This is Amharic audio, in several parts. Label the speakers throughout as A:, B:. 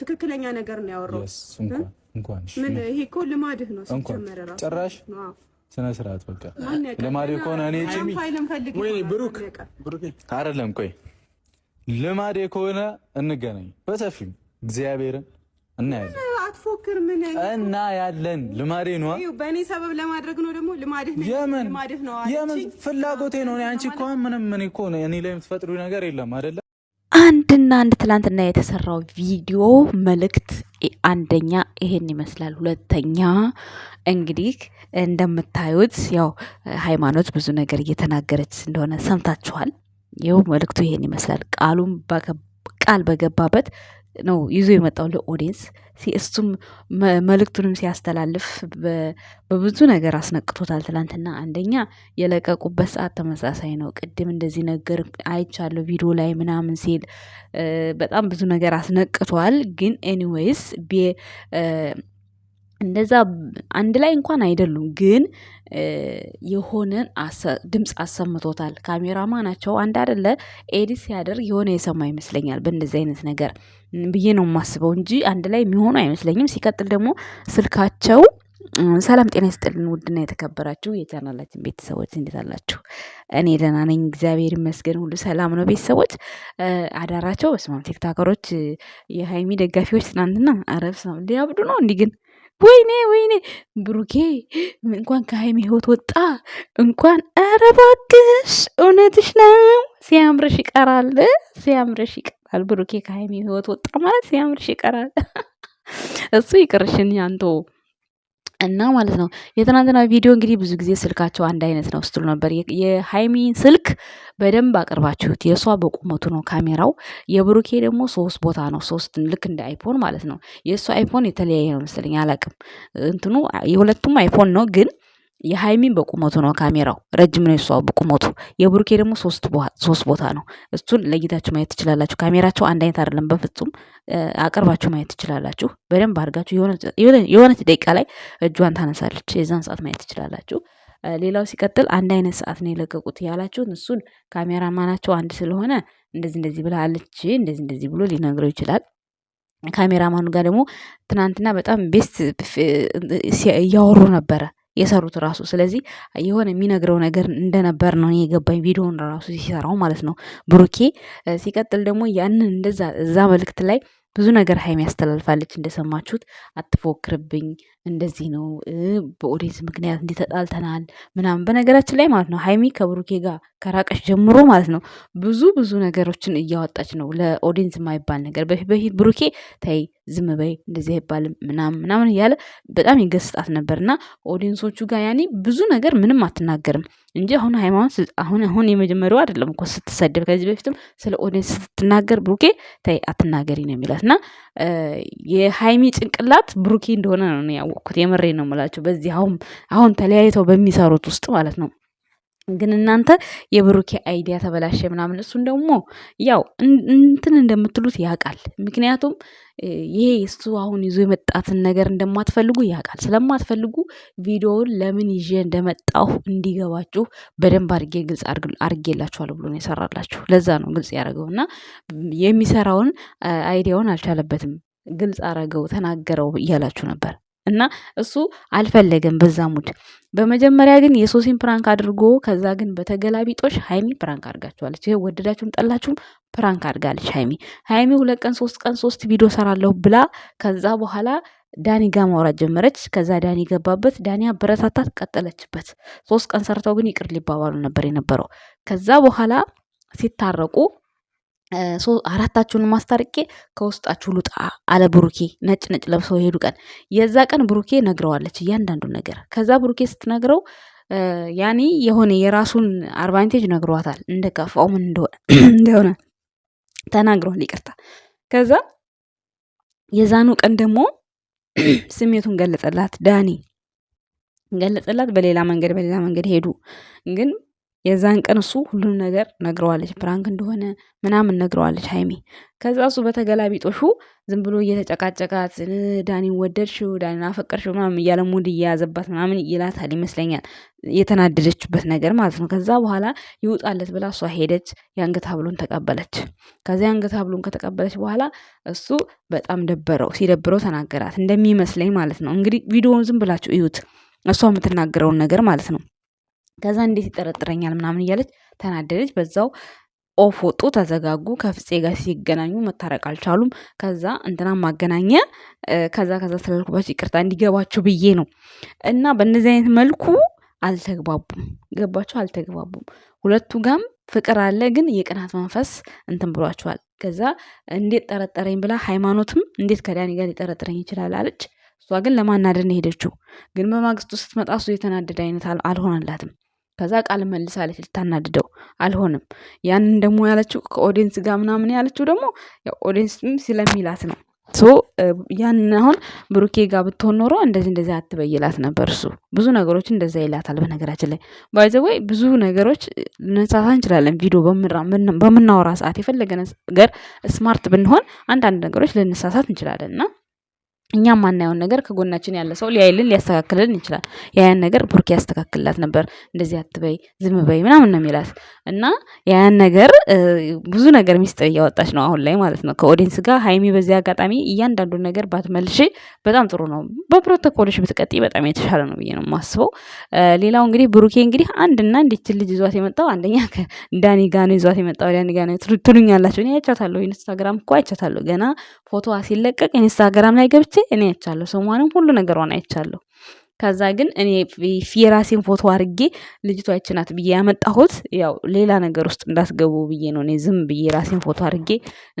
A: ትክክለኛ ነገር ነው ያወራው። ምን ይሄ እኮ ልማድህ ነው
B: ሲጀመረ ራሱ ጭራሽ ስነ ስርዓት በቃ ልማድህ ከሆነ እኔ ጭሚ ወይ ብሩክ አይደለም፣ ቆይ ልማዴ ከሆነ እንገናኝ በሰፊው እግዚአብሔርን እናያለን።
A: አትፎክር። ምን
B: እና ያለን ልማዴ ነው።
A: በእኔ ሰበብ ለማድረግ ነው ደግሞ ልማድህ ነው።
B: የምን ፍላጎቴ ነው። አንቺ እኮ ምንም ምን እኮ እኔ ላይ የምትፈጥሩ ነገር የለም አይደል
C: ውድና አንድ ትላንትና የተሰራው ቪዲዮ መልእክት አንደኛ ይሄን ይመስላል። ሁለተኛ እንግዲህ እንደምታዩት ያው ሃይማኖት ብዙ ነገር እየተናገረች እንደሆነ ሰምታችኋል። ይኸው መልእክቱ ይሄን ይመስላል። ቃሉም ቃል በገባበት ነው ይዞ የመጣው ለኦዲየንስ። እሱም መልእክቱንም ሲያስተላልፍ በብዙ ነገር አስነቅቶታል። ትላንትና አንደኛ የለቀቁበት ሰዓት ተመሳሳይ ነው። ቅድም እንደዚህ ነገር አይቻለሁ ቪዲዮ ላይ ምናምን ሲል በጣም ብዙ ነገር አስነቅቷል። ግን ኤኒዌይስ እንደዛ አንድ ላይ እንኳን አይደሉም ግን የሆነ ድምፅ አሰምቶታል። ካሜራማ ናቸው አንድ አደለ ኤዲት ሲያደርግ የሆነ የሰማ ይመስለኛል። በእንደዚህ አይነት ነገር ብዬ ነው የማስበው እንጂ አንድ ላይ የሚሆኑ አይመስለኝም። ሲቀጥል ደግሞ ስልካቸው ሰላም ጤና ይስጥልን። ውድና የተከበራችሁ የቻናላችን ቤተሰቦች እንዴት አላችሁ? እኔ ደህና ነኝ፣ እግዚአብሔር ይመስገን። ሁሉ ሰላም ነው። ቤተሰቦች አዳራቸው በስማም ቲክታከሮች፣ የሀይሚ ደጋፊዎች ትናንትና አረብ ስማ ሊያብዱ ነው እንዲህ ግን ወይኔ ወይኔ ብሩኬ እንኳን ከሀይሚ ህይወት ወጣ እንኳን ኧረ እባክሽ እውነትሽ ነው። ሲያምርሽ ይቀራል፣ ሲያምርሽ ይቀራል። ብሩኬ ከሀይሚ ህይወት ወጣ ማለት ሲያምርሽ ይቀራል። እሱ ይቅርሽን ያንተው እና ማለት ነው የትናንትና ቪዲዮ እንግዲህ ብዙ ጊዜ ስልካቸው አንድ አይነት ነው ስትሉ ነበር። የሃይሚን ስልክ በደንብ አቅርባችሁት፣ የእሷ በቁመቱ ነው ካሜራው፣ የብሩኬ ደግሞ ሶስት ቦታ ነው ሶስት፣ ልክ እንደ አይፎን ማለት ነው። የእሷ አይፎን የተለያየ ነው መሰለኝ አላቅም፣ እንትኑ የሁለቱም አይፎን ነው ግን የሀይሚን በቁመቱ ነው ካሜራው ረጅም ነው። የሷ በቁመቱ የብሩኬ ደግሞ ሶስት ቦታ ነው። እሱን ለይታችሁ ማየት ትችላላችሁ። ካሜራቸው አንድ አይነት አይደለም በፍጹም። አቅርባችሁ ማየት ትችላላችሁ። በደንብ አድርጋችሁ የሆነች ደቂቃ ላይ እጇን ታነሳለች። የዛን ሰዓት ማየት ትችላላችሁ። ሌላው ሲቀጥል አንድ አይነት ሰዓት ነው የለቀቁት ያላችሁ እሱን ካሜራማናቸው አንድ ስለሆነ እንደዚህ እንደዚህ ብላለች እንደዚህ እንደዚህ ብሎ ሊነግረው ይችላል። ካሜራማኑ ጋር ደግሞ ትናንትና በጣም ቤስት እያወሩ ነበረ የሰሩት ራሱ። ስለዚህ የሆነ የሚነግረው ነገር እንደነበር ነው የገባኝ ቪዲዮን ራሱ ሲሰራው ማለት ነው ብሩኬ። ሲቀጥል ደግሞ ያንን እንደዛ እዛ መልእክት ላይ ብዙ ነገር ሀይሚ ያስተላልፋለች እንደሰማችሁት። አትፎክርብኝ እንደዚህ ነው፣ በኦዴት ምክንያት እንዲህ ተጣልተናል ምናምን። በነገራችን ላይ ማለት ነው ሀይሚ ከብሩኬ ጋር ከራቀሽ ጀምሮ ማለት ነው ብዙ ብዙ ነገሮችን እያወጣች ነው ለኦዴንስ የማይባል ነገር። በፊት በፊት ብሩኬ ተይ ዝም በይ እንደዚህ አይባልም ምናምን ምናምን እያለ በጣም ይገስጣት ነበር እና ኦዴንሶቹ ጋር ያኔ ብዙ ነገር ምንም አትናገርም እንጂ አሁን ሃይማኖት አሁን አሁን የመጀመሪያው አይደለም እኮ ስትሰደብ፣ ከዚህ በፊትም ስለ ኦዲየንስ ስትናገር ብሩኬ ተይ አትናገሪ ነው የሚላት እና የሀይሚ ጭንቅላት ብሩኬ እንደሆነ ነው ያወቅኩት። የምሬ ነው የምላቸው በዚህ አሁን አሁን ተለያይተው በሚሰሩት ውስጥ ማለት ነው። ግን እናንተ የብሩኬ አይዲያ ተበላሸ ምናምን፣ እሱን ደግሞ ያው እንትን እንደምትሉት ያውቃል። ምክንያቱም ይሄ እሱ አሁን ይዞ የመጣትን ነገር እንደማትፈልጉ ያውቃል። ስለማትፈልጉ ቪዲዮውን ለምን ይዤ እንደመጣሁ እንዲገባችሁ በደንብ አድርጌ ግልጽ አድርጌላችኋለሁ ብሎ ነው የሰራላችሁ። ለዛ ነው ግልጽ ያደረገው እና የሚሰራውን አይዲያውን አልቻለበትም። ግልጽ አረገው ተናገረው እያላችሁ ነበር እና እሱ አልፈለገም በዛ ሙድ። በመጀመሪያ ግን የሶሲን ፕራንክ አድርጎ ከዛ ግን በተገላቢጦሽ ሀይሚ ፕራንክ አድርጋችኋለች። ይሄ ወደዳችሁም ጠላችሁም ፕራንክ አድርጋለች ሀይሚ። ሀይሚ ሁለት ቀን ሶስት ቀን ሶስት ቪዲዮ ሰራለሁ ብላ ከዛ በኋላ ዳኒ ጋር ማውራት ጀመረች። ከዛ ዳኒ ገባበት፣ ዳኒ አበረታታት፣ ቀጠለችበት። ሶስት ቀን ሰርተው ግን ይቅር ሊባባሉ ነበር የነበረው። ከዛ በኋላ ሲታረቁ አራታችሁን ማስታርቄ ከውስጣችሁ ልውጣ አለ ብሩኬ። ነጭ ነጭ ለብሰው የሄዱ ቀን የዛ ቀን ብሩኬ ነግረዋለች እያንዳንዱ ነገር። ከዛ ብሩኬ ስትነግረው ያኔ የሆነ የራሱን አድቫንቴጅ ነግሯታል፣ እንደከፋው ምን እንደሆነ ተናግሯል። ይቅርታ። ከዛ የዛኑ ቀን ደግሞ ስሜቱን ገለጸላት፣ ዳኒ ገለጸላት። በሌላ መንገድ በሌላ መንገድ ሄዱ ግን የዛን ቀን እሱ ሁሉም ነገር ነግረዋለች፣ ፕራንክ እንደሆነ ምናምን ነግረዋለች ሀይሚ። ከዛ እሱ በተገላቢጦሹ ዝም ብሎ እየተጨቃጨቃት ዳኒን ወደድሽው፣ ዳኒን አፈቀርሽው ምናምን እያለ ሙድ እየያዘባት ምናምን ይላታል ይመስለኛል፣ የተናደደችበት ነገር ማለት ነው። ከዛ በኋላ ይውጣለት ብላ እሷ ሄደች፣ የአንገት ሀብሉን ተቀበለች። ከዚ የአንገት ሀብሉን ከተቀበለች በኋላ እሱ በጣም ደበረው፣ ሲደብረው ተናገራት እንደሚመስለኝ ማለት ነው። እንግዲህ ቪዲዮውን ዝም ብላችሁ እዩት፣ እሷ የምትናገረውን ነገር ማለት ነው። ከዛ እንዴት ይጠረጥረኛል ምናምን እያለች ተናደደች። በዛው ኦፍ ወጡ፣ ተዘጋጉ። ከፍፄ ጋር ሲገናኙ መታረቅ አልቻሉም። ከዛ እንትና ማገናኘ ከዛ ከዛ ስላልኩባቸው ይቅርታ እንዲገባችሁ ብዬ ነው እና በእነዚህ አይነት መልኩ አልተግባቡም። ገባችሁ? አልተግባቡም። ሁለቱ ጋም ፍቅር አለ፣ ግን የቅናት መንፈስ እንትን ብሏቸዋል። ከዛ እንዴት ጠረጠረኝ ብላ ሃይማኖትም እንዴት ከዳኒ ጋር ሊጠረጥረኝ ይችላል አለች። እሷ ግን ለማናደድ ነው የሄደችው። ግን በማግስቱ ስትመጣ እሱ የተናደደ አይነት አልሆናላትም። ከዛ ቃል መልሳለች ልታናድደው አልሆንም። ያንን ደግሞ ያለችው ከኦዲንስ ጋር ምናምን ያለችው ደግሞ ኦዲንስም ስለሚላት ነው። ሶ ያንን አሁን ብሩኬ ጋር ብትሆን ኖሮ እንደዚህ እንደዚህ አትበይላት ነበር። እሱ ብዙ ነገሮች እንደዛ ይላታል። በነገራችን ላይ ባይዘወይ ብዙ ነገሮች ልንሳሳ እንችላለን። ቪዲዮ በምናወራ ሰዓት የፈለገ ነገር ስማርት ብንሆን አንዳንድ ነገሮች ልንሳሳት እንችላለን እና እኛ ማናየውን ነገር ከጎናችን ያለ ሰው ሊያይልን ሊያስተካክልን ይችላል። ያን ነገር ብሩኬ ያስተካክልላት ነበር። እንደዚህ አትበይ፣ ዝም በይ ምናምን ነው የሚላት እና ያን ነገር ብዙ ነገር ሚስጥር እያወጣች ነው አሁን ላይ ማለት ነው ከኦዲንስ ጋር ሀይሚ። በዚህ አጋጣሚ እያንዳንዱ ነገር ባትመልሽ በጣም ጥሩ ነው። በፕሮቶኮሎች ብትቀጥ በጣም የተሻለ ነው ብዬ ነው የማስበው። ሌላው እንግዲህ ብሩኬ እንግዲህ አንድና እንዲችን ልጅ ይዟት የመጣው አንደኛ ዳኒ ጋ ነው ይዟት የመጣው ዳኒ ጋ ነው ትሉኛላችሁ። እኔ አይቻታለሁ፣ ኢንስታግራም እኮ አይቻታለሁ። ገና ፎቶዋ ሲለቀቅ ኢንስታግራም ላይ ገብቼ እኔ አይቻለሁ። ስሟንም ሁሉ ነገሯን አይቻለሁ። ከዛ ግን እኔ የራሴን ፎቶ አድርጌ ልጅቷ ናት ብዬ ያመጣሁት ያው ሌላ ነገር ውስጥ እንዳስገቡ ብዬ ነው። እኔ ዝም ብዬ የራሴን ፎቶ አድርጌ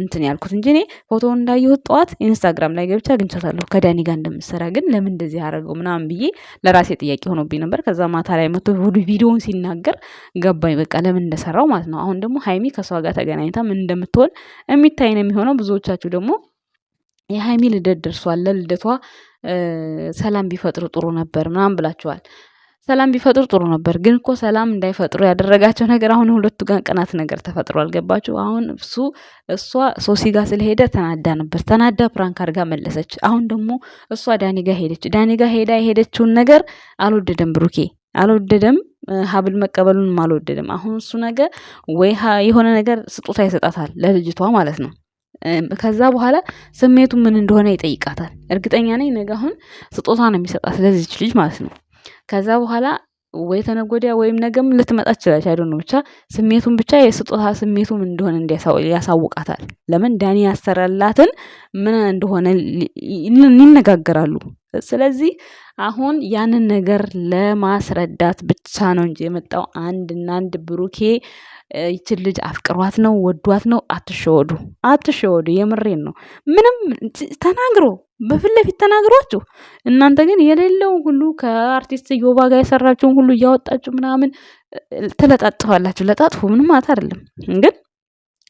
C: እንትን ያልኩት እንጂ እኔ ፎቶውን እንዳየሁት ጠዋት ኢንስታግራም ላይ ገብቼ አግኝቻታለሁ ከዳኒ ጋር እንደምሰራ ግን ለምን እንደዚህ አደረገው ምናምን ብዬ ለራሴ ጥያቄ ሆኖብኝ ነበር። ከዛ ማታ ላይ መቶ ቪዲዮውን ሲናገር ገባኝ፣ በቃ ለምን እንደሰራው ማለት ነው። አሁን ደግሞ ሀይሚ ከሷ ጋር ተገናኝታ ምን እንደምትሆን የሚታይ ነው የሚሆነው ብዙዎቻችሁ ደግሞ የሀይሚ ልደት ደርሷል። ለልደቷ ሰላም ቢፈጥሩ ጥሩ ነበር ምናምን ብላችኋል። ሰላም ቢፈጥሩ ጥሩ ነበር፣ ግን እኮ ሰላም እንዳይፈጥሩ ያደረጋቸው ነገር አሁን ሁለቱ ጋር ቅናት ነገር ተፈጥሮ አልገባችሁ አሁን እሱ እሷ ሶሲ ጋር ስለሄደ ተናዳ ነበር። ተናዳ ፕራንክ አድርጋ መለሰች። አሁን ደግሞ እሷ ዳኒ ጋር ሄደች። ዳኒ ጋር ሄዳ የሄደችውን ነገር አልወደደም፣ ብሩኬ አልወደደም። ሀብል መቀበሉንም አልወደደም። አሁን እሱ ነገር ወይ የሆነ ነገር ስጦታ ይሰጣታል ለልጅቷ ማለት ነው ከዛ በኋላ ስሜቱ ምን እንደሆነ ይጠይቃታል። እርግጠኛ ነኝ ነገ አሁን ስጦታ ነው የሚሰጣት ስለዚች ልጅ ማለት ነው። ከዛ በኋላ ወይ ተነጎዲያ ወይም ነገም ልትመጣ ትችላለች። አይዶ ነው ብቻ ስሜቱን ብቻ የስጦታ ስሜቱም እንደሆነ እንዲያሳውቃታል። ለምን ዳኒ ያሰራላትን ምን እንደሆነ ይነጋገራሉ። ስለዚህ አሁን ያንን ነገር ለማስረዳት ብቻ ነው እንጂ የመጣው አንድ እና አንድ ብሩኬ ይችን ልጅ አፍቅሯት ነው ወዷት ነው። አትሸወዱ፣ አትሸወዱ። የምሬን ነው። ምንም ተናግሮ በፊት ለፊት ተናግሯችሁ እናንተ ግን የሌለውን ሁሉ ከአርቲስት ዮባ ጋር የሰራችውን ሁሉ እያወጣችሁ ምናምን ትለጣጥፋላችሁ። ለጣጥፉ፣ ምንም አት አይደለም ግን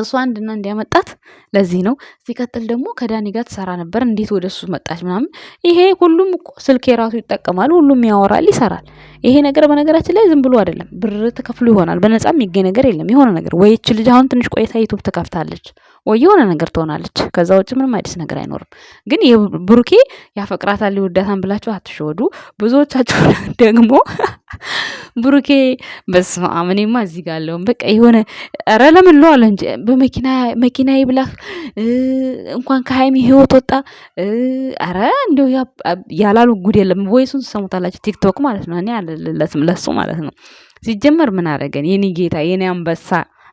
C: እሱ አንድና እንዲያመጣት ለዚህ ነው። ሲቀጥል ደግሞ ከዳኒ ጋር ትሰራ ነበር፣ እንዴት ወደ እሱ መጣች ምናምን። ይሄ ሁሉም እኮ ስልክ የራሱ ይጠቀማል፣ ሁሉም ያወራል፣ ይሰራል። ይሄ ነገር በነገራችን ላይ ዝም ብሎ አይደለም፣ ብር ተከፍሎ ይሆናል። በነጻ የሚገኝ ነገር የለም። የሆነ ነገር ወይ ይች ልጅ አሁን ትንሽ ቆይታ ዩቱብ ትከፍታለች፣ ወይ የሆነ ነገር ትሆናለች። ከዛ ውጭ ምንም አዲስ ነገር አይኖርም። ግን ብሩኬ ያፈቅራታል፣ ይወዳታን ብላችሁ አትሸወዱ። ብዙዎቻችሁ ደግሞ ብሩኬ በስመ አብ እኔማ እዚህ ጋር አለሁም። በቃ የሆነ ኧረ ለምን ለዋለ እንጂ በመኪና መኪና ይብላህ እንኳን ከሀይሚ ህይወት ወጣ። ኧረ እንደው ያላሉ ጉድ የለም። ወይሱን ትሰሙታላችሁ። ቲክቶክ ማለት ነው። እኔ አለለትም ለሱ ማለት ነው። ሲጀመር ምን አደረገን? የኔ ጌታ የኔ አንበሳ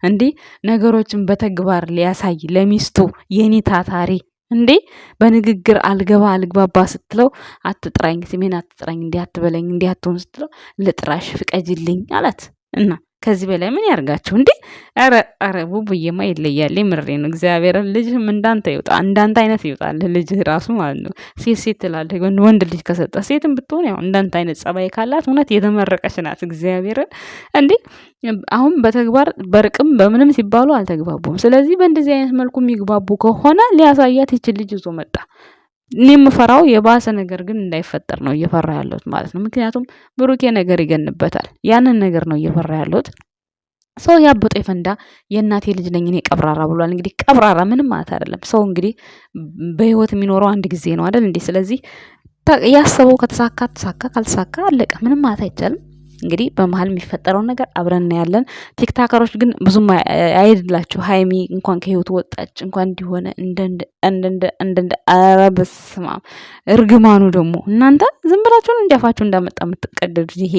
C: እንዲህ ነገሮችን በተግባር ሊያሳይ ለሚስቱ የኔ ታታሪ እንዴ በንግግር አልገባ አልግባባ ስትለው አትጥራኝ፣ ስሜን አትጥራኝ፣ እንዲህ አትበለኝ፣ እንዲህ አትሆን ስትለው ልጥራሽ ፍቀጅልኝ አላት እና ከዚህ በላይ ምን ያርጋችሁ እንዴ? ኧረ ኧረ ቡቡዬማ ይለያል። ምሬ ነው እግዚአብሔር ልጅህም እንዳንተ ይውጣ፣ እንዳንተ አይነት ይውጣል። ልጅ ራሱ ማለት ነው። ሴት ሴት ትላለህ፣ ወንድ ልጅ ከሰጠ ሴትም ብትሆን ያው እንዳንተ አይነት ጸባይ ካላት እውነት የተመረቀች ናት። እግዚአብሔርን እንዴ! አሁን በተግባር በርቅም በምንም ሲባሉ አልተግባቡም። ስለዚህ በእንደዚህ አይነት መልኩ የሚግባቡ ከሆነ ሊያሳያት ይችል ልጅ ይዞ መጣ። እኔ የምፈራው የባሰ ነገር ግን እንዳይፈጠር ነው እየፈራ ያለሁት ማለት ነው። ምክንያቱም ብሩኬ ነገር ይገንበታል። ያንን ነገር ነው እየፈራ ያለሁት። ሰው ያበጠ የፈንዳ የእናቴ ልጅ ነኝ እኔ ቀብራራ ብሏል። እንግዲህ ቀብራራ ምንም ማለት አይደለም። ሰው እንግዲህ በህይወት የሚኖረው አንድ ጊዜ ነው አይደል እንዴ? ስለዚህ ያሰበው ከተሳካ ተሳካ፣ ካልተሳካ አለቀ። ምንም ማለት አይቻልም። እንግዲህ በመሀል የሚፈጠረውን ነገር አብረን እናያለን። ቲክታከሮች ግን ብዙም አይሄድላችሁ። ሀይሚ እንኳን ከህይወት ወጣች እንኳን እንዲሆነ እንደንደ ኧረ በስመ አብ እርግማኑ ደግሞ እናንተ ዝም ብላችሁን እንዲያፋችሁ እንዳመጣ የምትቀደዱ ይሄ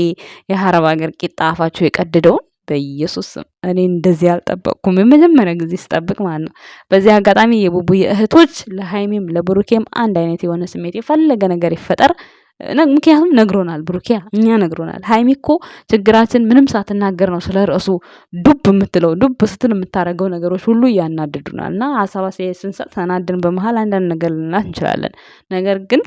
C: የሀረብ ሀገር ቂጣ አፋችሁ የቀደደውን በኢየሱስ እኔ እንደዚህ አልጠበቅኩም። የመጀመሪያ ጊዜ ስጠብቅ ማለት ነው። በዚህ አጋጣሚ የቡቡ እህቶች ለሀይሜም ለብሩኬም አንድ አይነት የሆነ ስሜት የፈለገ ነገር ይፈጠር ምክንያቱም ነግሮናል፣ ብሩኪያ እኛ ነግሮናል። ሀይሚ እኮ ችግራችን ምንም ሳትናገር ነው ስለ ርዕሱ ዱብ የምትለው ዱብ ስትል የምታደርገው ነገሮች ሁሉ እያናድዱናል። እና ሀሳብ ስንሰጥ ተናድን በመሀል አንዳንድ ነገር ልናት እንችላለን። ነገር ግን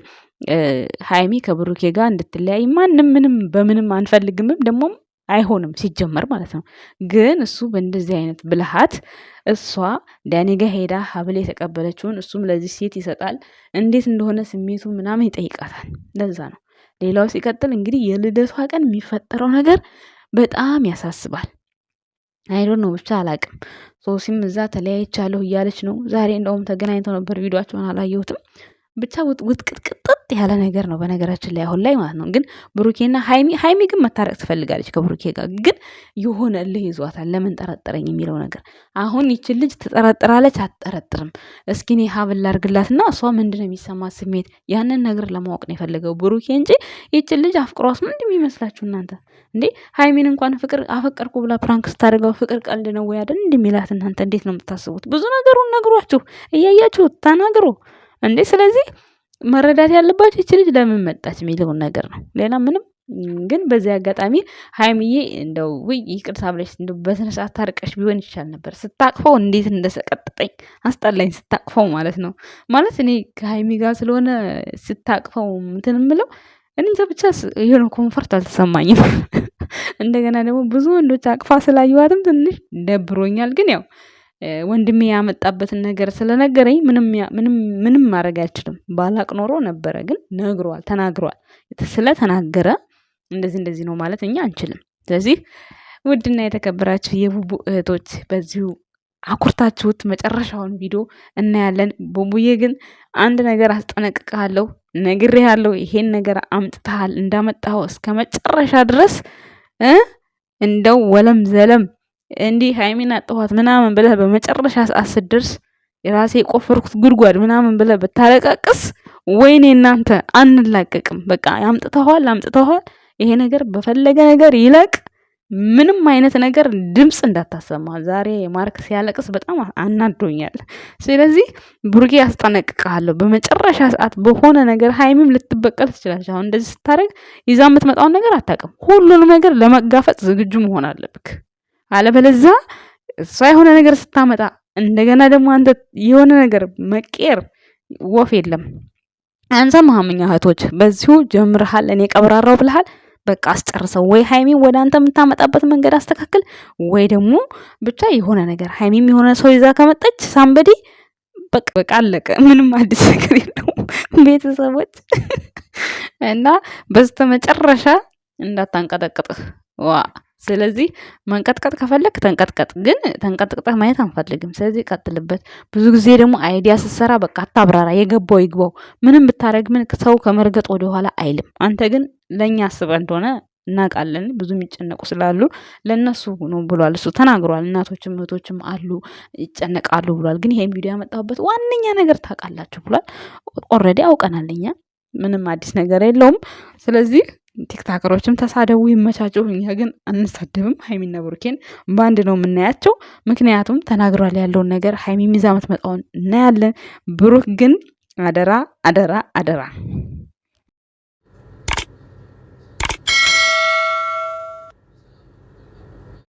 C: ሀይሚ ከብሩኬ ጋር እንድትለያይ ማንም ምንም በምንም አንፈልግምም ደግሞም አይሆንም ሲጀመር ማለት ነው። ግን እሱ በእንደዚህ አይነት ብልሃት እሷ ዳኒ ሄዳ ሀብል የተቀበለችውን እሱም ለዚህ ሴት ይሰጣል። እንዴት እንደሆነ ስሜቱ ምናምን ይጠይቃታል። ለዛ ነው። ሌላው ሲቀጥል እንግዲህ የልደቷ ቀን የሚፈጠረው ነገር በጣም ያሳስባል። አይዶ ነው ብቻ አላቅም። ሶሲም እዛ ተለያይቻለሁ እያለች ነው። ዛሬ እንደውም ተገናኝተው ነበር። ቪዲዮቸውን አላየሁትም። ብቻ ውጥቅጥቅጥጥ ያለ ነገር ነው በነገራችን ላይ አሁን ላይ ማለት ነው። ግን ብሩኬና ሀይሚ ሀይሚ ግን መታረቅ ትፈልጋለች ከብሩኬ ጋር ግን የሆነ እልህ ይዟታል። ለምን ጠረጠረኝ የሚለው ነገር አሁን ይችን ልጅ ትጠረጥራለች አትጠረጥርም? እስኪ እኔ ሀብል ላርግላትና እሷ ምንድን ነው የሚሰማት ስሜት ያንን ነገር ለማወቅ ነው የፈለገው ብሩኬ እንጂ ይችን ልጅ አፍቅሯስ ምንድ የሚመስላችሁ እናንተ እንዴ? ሀይሚን እንኳን ፍቅር አፈቀርኩ ብላ ፕራንክ ስታደርገው ፍቅር ቀልድ ነው ወይ አይደል እንደሚላት እናንተ እንዴት ነው የምታስቡት? ብዙ ነገሩን ነግሯችሁ እያያችሁ ተናግሮ እንዴ ስለዚህ መረዳት ያለባቸው ይቺ ልጅ ለምን መጣች የሚለውን ነገር ነው። ሌላ ምንም ግን በዚህ አጋጣሚ ሀይሚዬ እንደው ውይ ይቅርታ ብለሽ እንደው በስነ ስርዓት ታርቀሽ ቢሆን ይቻል ነበር። ስታቅፈው እንዴት እንደሰቀጥጠኝ አስጠላኝ። ስታቅፈው ማለት ነው ማለት እኔ ከሀይሚ ጋር ስለሆነ ስታቅፈው እንትን የምለው እኔ ብቻ የሆነ ኮንፈርት አልተሰማኝም። እንደገና ደግሞ ብዙ ወንዶች አቅፋ ስላየዋትም ትንሽ ደብሮኛል። ግን ያው ወንድሜ ያመጣበትን ነገር ስለነገረኝ ምንም ማድረግ አልችልም። ባላቅ ኖሮ ነበረ፣ ግን ነግሯል፣ ተናግሯል። ስለተናገረ እንደዚህ እንደዚህ ነው ማለት እኛ አንችልም። ስለዚህ ውድና የተከበራችሁ የቡቡ እህቶች በዚሁ አኩርታችሁት መጨረሻውን ቪዲዮ እናያለን። ቡቡዬ ግን አንድ ነገር አስጠነቅቃለሁ ነግሬ ያለው ይሄን ነገር አምጥተሃል፣ እንዳመጣኸው እስከ መጨረሻ ድረስ እንደው ወለም ዘለም እንዲህ ሀይሚና ጠዋት ምናምን ብለህ በመጨረሻ ሰዓት ስትደርስ የራሴ የቆፈርኩት ጉድጓድ ምናምን ብለህ ብታለቃቅስ፣ ወይኔ እናንተ አንላቀቅም። በቃ አምጥተዋል አምጥተዋል። ይሄ ነገር በፈለገ ነገር ይለቅ። ምንም አይነት ነገር ድምፅ እንዳታሰማ። ዛሬ ማርክ ሲያለቅስ በጣም አናዶኛል። ስለዚህ ቡርጌ አስጠነቅቃለሁ በመጨረሻ ሰዓት በሆነ ነገር ሃይሚም ልትበቀል ትችላለች። አሁን እንደዚህ ስታደርግ ይዛ የምትመጣውን ነገር አታውቅም። ሁሉንም ነገር ለመጋፈጥ ዝግጁ መሆን አለብክ። አለበለዛ እሷ የሆነ ነገር ስታመጣ እንደገና ደግሞ አንተ የሆነ ነገር መቄር ወፍ የለም። አንሰማህም። እኛ እህቶች በዚሁ ጀምርሃል፣ እኔ ቀብራራው ብለሃል። በቃ አስጨርሰው። ወይ ሀይሚም ወደ አንተ የምታመጣበት መንገድ አስተካክል፣ ወይ ደግሞ ብቻ የሆነ ነገር ሀይሚም የሆነ ሰው ይዛ ከመጣች ሳምበዲ በቃ በቃ አለቀ። ምንም አዲስ ነገር የለውም ቤተሰቦች እና በስተመጨረሻ እንዳታንቀጠቅጥህ ዋ ስለዚህ መንቀጥቀጥ ከፈለግ ተንቀጥቀጥ፣ ግን ተንቀጥቅጠህ ማየት አንፈልግም። ስለዚህ ቀጥልበት። ብዙ ጊዜ ደግሞ አይዲያ ስትሰራ በቃ አታብራራ፣ የገባው ይግባው። ምንም ብታደረግ ምን ሰው ከመርገጥ ወደኋላ አይልም። አንተ ግን ለእኛ አስበህ እንደሆነ እናውቃለን። ብዙ የሚጨነቁ ስላሉ ለእነሱ ነው ብሏል እሱ ተናግሯል። እናቶችም እህቶችም አሉ ይጨነቃሉ ብሏል። ግን ይሄም ቪዲዮ ያመጣሁበት ዋነኛ ነገር ታውቃላችሁ ብሏል። ኦልሬዲ አውቀናል እኛ ምንም አዲስ ነገር የለውም። ስለዚህ ቲክታከሮችም ተሳደቡ ይመቻቸው። እኛ ግን አንሳደብም። ሀይሚና ብሩኬን በአንድ ነው የምናያቸው። ምክንያቱም ተናግሯል ያለውን ነገር ሀይሚ ሚዛ የምትመጣውን እናያለን። ብሩክ ግን አደራ አደራ አደራ